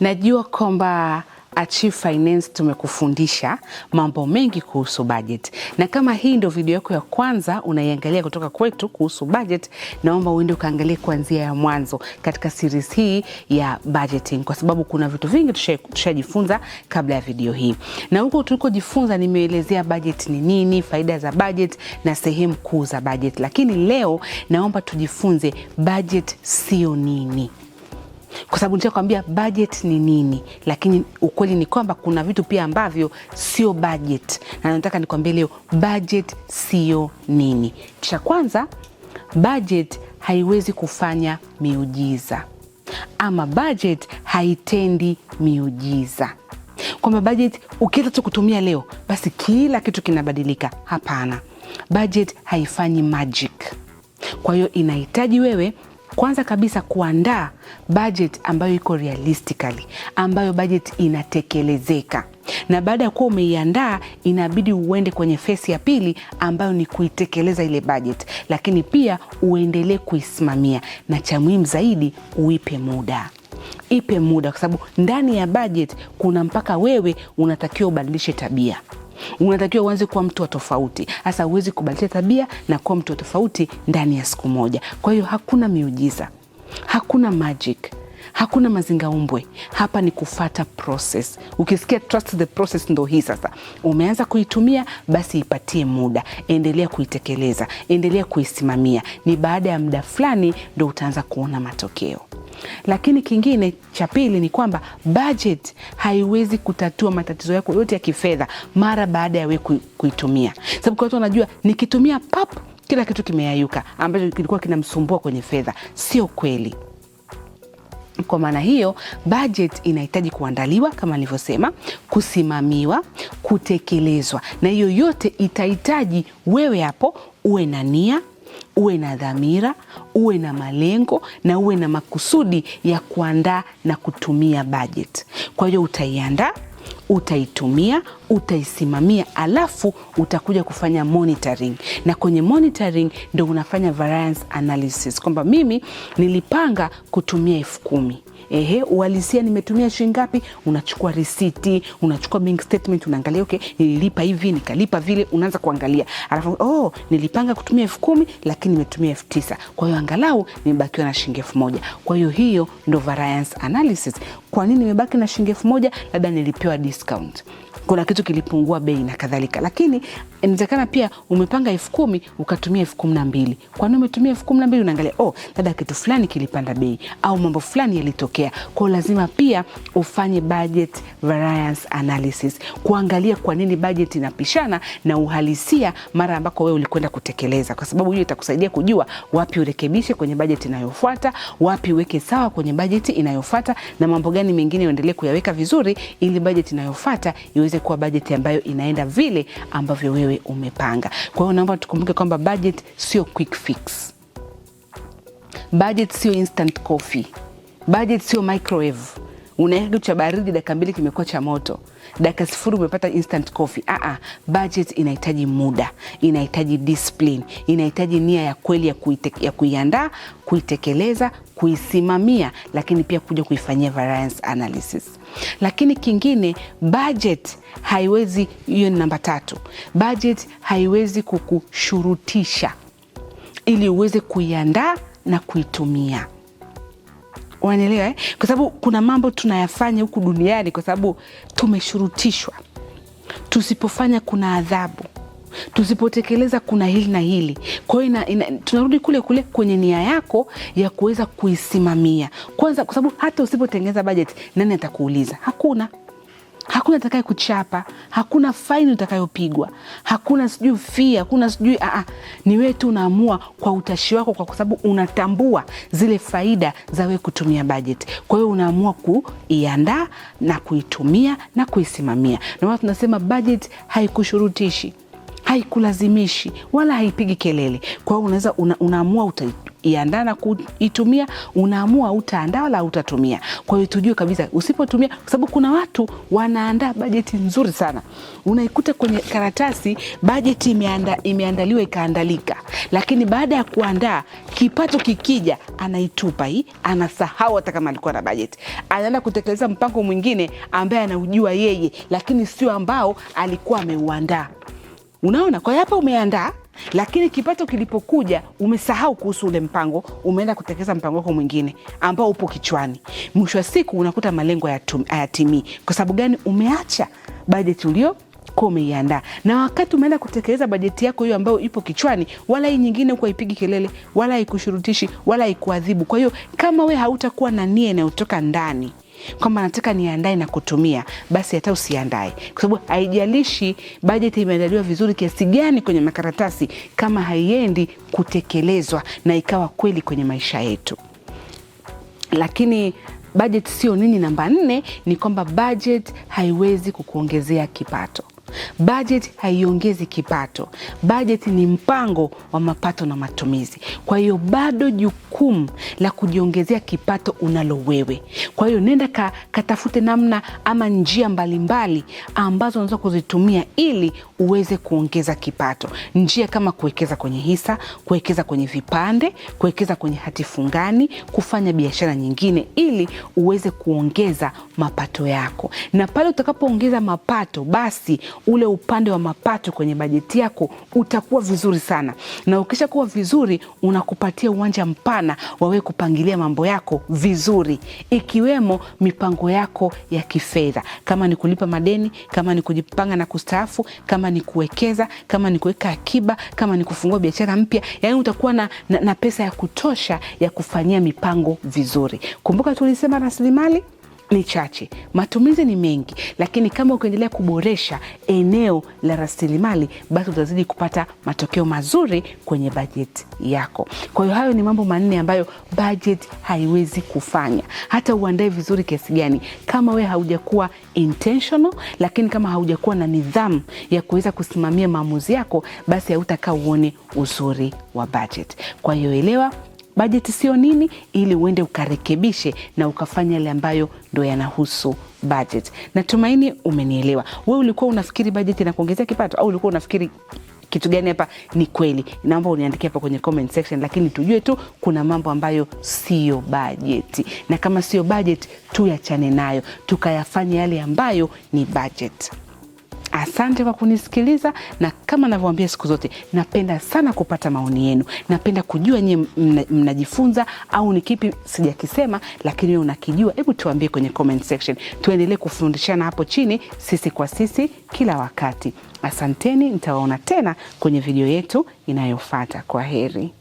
Najua kwamba Achieve Finance tumekufundisha mambo mengi kuhusu budget, na kama hii ndio video yako ya kwanza unaiangalia kutoka kwetu kuhusu budget, naomba uende ukaangalie kuanzia ya mwanzo katika series hii ya budgeting, kwa sababu kuna vitu vingi tushajifunza kabla ya video hii. Na huko tulikojifunza, nimeelezea budget ni nini, faida za budget na sehemu kuu za budget, lakini leo naomba tujifunze budget sio nini kwa sababu nishakwambia budget ni nini, lakini ukweli ni kwamba kuna vitu pia ambavyo sio budget, na nataka nikwambie leo budget sio nini. Cha kwanza, budget haiwezi kufanya miujiza ama budget haitendi miujiza, kwamba budget ukiweza tu kutumia leo basi kila kitu kinabadilika. Hapana, budget haifanyi magic. Kwa hiyo inahitaji wewe kwanza kabisa kuandaa budget ambayo iko realistically, ambayo budget inatekelezeka na baada ya kuwa umeiandaa inabidi uende kwenye fesi ya pili ambayo ni kuitekeleza ile bajeti, lakini pia uendelee kuisimamia, na cha muhimu zaidi uipe muda ipe muda, kwa sababu ndani ya bajeti kuna mpaka wewe unatakiwa ubadilishe tabia unatakiwa uanze kuwa mtu wa tofauti. hasa huwezi kubadilisha tabia na kuwa mtu wa tofauti ndani ya siku moja. Kwa hiyo hakuna miujiza, hakuna magic hakuna mazingaumbwe hapa, ni kufata process. Ukisikia trust the process, ndo hii sasa. Umeanza kuitumia basi, ipatie muda, endelea kuitekeleza, endelea kuisimamia. Ni baada ya muda fulani ndo utaanza kuona matokeo. Lakini kingine cha pili ni kwamba budget haiwezi kutatua matatizo yako yote ya kifedha mara baada ya wewe kuitumia, sababu kwa watu wanajua nikitumia pap kila kitu kimeayuka ambacho kilikuwa kinamsumbua kwenye fedha. Sio kweli. Kwa maana hiyo budget inahitaji kuandaliwa kama nilivyosema, kusimamiwa, kutekelezwa, na hiyo yote itahitaji wewe hapo uwe na nia uwe na dhamira, uwe na malengo na uwe na makusudi ya kuandaa na kutumia bajeti. Kwa hiyo utaiandaa utaitumia utaisimamia, alafu utakuja kufanya monitoring, na kwenye monitoring ndo unafanya variance analysis, kwamba mimi nilipanga kutumia elfu kumi ehe, uhalisia nimetumia shilingi ngapi, unachukua risiti, unachukua bank statement, unaangalia okay, nililipa hivi nikalipa vile, unaanza kuangalia, alafu oh, nilipanga kutumia elfu kumi lakini nimetumia elfu tisa kwa hiyo angalau nimebakiwa na shilingi elfu moja Kwa hiyo hiyo ndo variance analysis. Kwa nini nimebaki na shilingi elfu moja Labda nilipewa discount kuna kitu kilipungua bei na kadhalika, lakini inawezekana pia umepanga elfu kumi ukatumia elfu kumi na mbili Kwa nini umetumia elfu kumi na mbili Unaangalia oh, labda kitu fulani kilipanda bei au mambo fulani yalitokea kwao. Lazima pia ufanye budget variance analysis, kuangalia kwa nini budget inapishana na uhalisia mara ambako wewe ulikwenda kutekeleza, kwa sababu hiyo itakusaidia kujua wapi urekebishe kwenye bajeti inayofuata, wapi uweke sawa kwenye bajeti inayofuata, na mambo gani mengine uendelee kuyaweka vizuri ili bajeti inayofuata iweze iweze kuwa bajeti ambayo inaenda vile ambavyo wewe umepanga. Kwa hiyo naomba tukumbuke kwamba bajeti sio quick fix, bajeti sio instant coffee, bajeti sio microwave unaweka kitu cha baridi, dakika mbili kimekuwa cha moto, dakika sifuri umepata instant coffee. A ah, -a, ah, budget inahitaji muda, inahitaji discipline, inahitaji nia ya kweli ya, ya kuiandaa, kuitekeleza, kuisimamia, lakini pia kuja kuifanyia variance analysis. Lakini kingine, budget haiwezi, hiyo ni namba tatu, budget haiwezi kukushurutisha ili uweze kuiandaa na kuitumia. Unaelewa eh? Kwa sababu kuna mambo tunayafanya huku duniani kwa sababu tumeshurutishwa. Tusipofanya kuna adhabu, tusipotekeleza kuna hili na hili. Kwa hiyo tunarudi kule kule kwenye nia yako ya kuweza kuisimamia kwanza, kwa sababu hata usipotengeneza bajeti, nani atakuuliza? Hakuna hakuna atakaye kuchapa, hakuna faini utakayopigwa, hakuna sijui fia, hakuna sijui aa, ah, ah. ni wewe tu unaamua kwa utashi wako, kwa sababu unatambua zile faida za wewe kutumia bajeti. Kwa hiyo unaamua kuiandaa na kuitumia na kuisimamia. Ndio maana tunasema bajeti haikushurutishi, haikulazimishi, wala haipigi kelele. Kwa hiyo unaweza una, unaamua iandaa na kuitumia, unaamua utaandaa wala utatumia. Kwa hiyo tujue kabisa usipotumia, kwa sababu kuna watu wanaandaa bajeti nzuri sana, unaikuta kwenye karatasi bajeti imeanda, imeandaliwa ikaandalika, lakini baada ya kuandaa kipato kikija, anaitupa hii, anasahau hata kama alikuwa na bajeti, anaenda kutekeleza mpango mwingine ambaye anaujua yeye, lakini sio ambao alikuwa ameuandaa. Unaona, kwa hiyo hapa umeandaa lakini kipato kilipokuja umesahau kuhusu ule mpango, umeenda kutekeleza mpango wako mwingine ambao upo kichwani. Mwisho wa siku unakuta malengo hayatimii. Kwa sababu gani? Umeacha bajeti ulio kuwa umeiandaa, na wakati umeenda kutekeleza bajeti yako hiyo ambayo ipo kichwani, wala hii nyingine huku haipigi kelele wala haikushurutishi wala haikuadhibu. Kwa hiyo kama we hautakuwa na nia inayotoka ndani kwamba nataka niandae na kutumia, basi hata usiandae, kwa sababu haijalishi bajeti imeandaliwa vizuri kiasi gani kwenye makaratasi, kama haiendi kutekelezwa na ikawa kweli kwenye maisha yetu. Lakini bajeti sio nini. Namba nne ni kwamba bajeti haiwezi kukuongezea kipato. Bajeti haiongezi kipato. Bajeti ni mpango wa mapato na matumizi. Kwa hiyo bado jukumu la kujiongezea kipato unalo wewe. Kwa hiyo nenda ka, katafute namna ama njia mbalimbali mbali ambazo unaweza kuzitumia ili uweze kuongeza kipato. Njia kama kuwekeza kwenye hisa, kuwekeza kwenye vipande, kuwekeza kwenye hati fungani, kufanya biashara nyingine ili uweze kuongeza mapato yako, na pale utakapoongeza mapato basi ule upande wa mapato kwenye bajeti yako utakuwa vizuri sana, na ukisha kuwa vizuri unakupatia uwanja mpana wawe kupangilia mambo yako vizuri, ikiwemo mipango yako ya kifedha, kama ni kulipa madeni, kama ni kujipanga na kustaafu, kama ni kuwekeza, kama ni kuweka akiba, kama ni kufungua biashara mpya, yaani utakuwa na, na, na pesa ya kutosha ya kufanyia mipango vizuri. Kumbuka tulisema rasilimali ni chache, matumizi ni mengi, lakini kama ukiendelea kuboresha eneo la rasilimali, basi utazidi kupata matokeo mazuri kwenye bajeti yako. Kwa hiyo hayo ni mambo manne ambayo bajeti haiwezi kufanya, hata uandae vizuri kiasi gani, kama wewe haujakuwa intentional, lakini kama haujakuwa na nidhamu ya kuweza kusimamia maamuzi yako, basi hautakaa uone uzuri wa bajeti. Kwa hiyo elewa bajeti sio nini, ili uende ukarekebishe na ukafanya yale ambayo ndo yanahusu bajeti. Natumaini umenielewa. We ulikuwa unafikiri bajeti inakuongezea kipato au ulikuwa unafikiri kitu gani hapa ni kweli? Naomba uniandikia hapa kwenye comment section, lakini tujue tu kuna mambo ambayo siyo bajeti, na kama siyo bajeti tuyachane nayo tukayafanya yale ambayo ni bajeti. Asante kwa kunisikiliza, na kama navyoambia siku zote, napenda sana kupata maoni yenu. Napenda kujua nyie mnajifunza mna au ni kipi sijakisema, lakini wewe unakijua. Hebu tuambie kwenye comment section, tuendelee kufundishana hapo chini, sisi kwa sisi, kila wakati. Asanteni, nitawaona tena kwenye video yetu inayofuata. Kwa heri.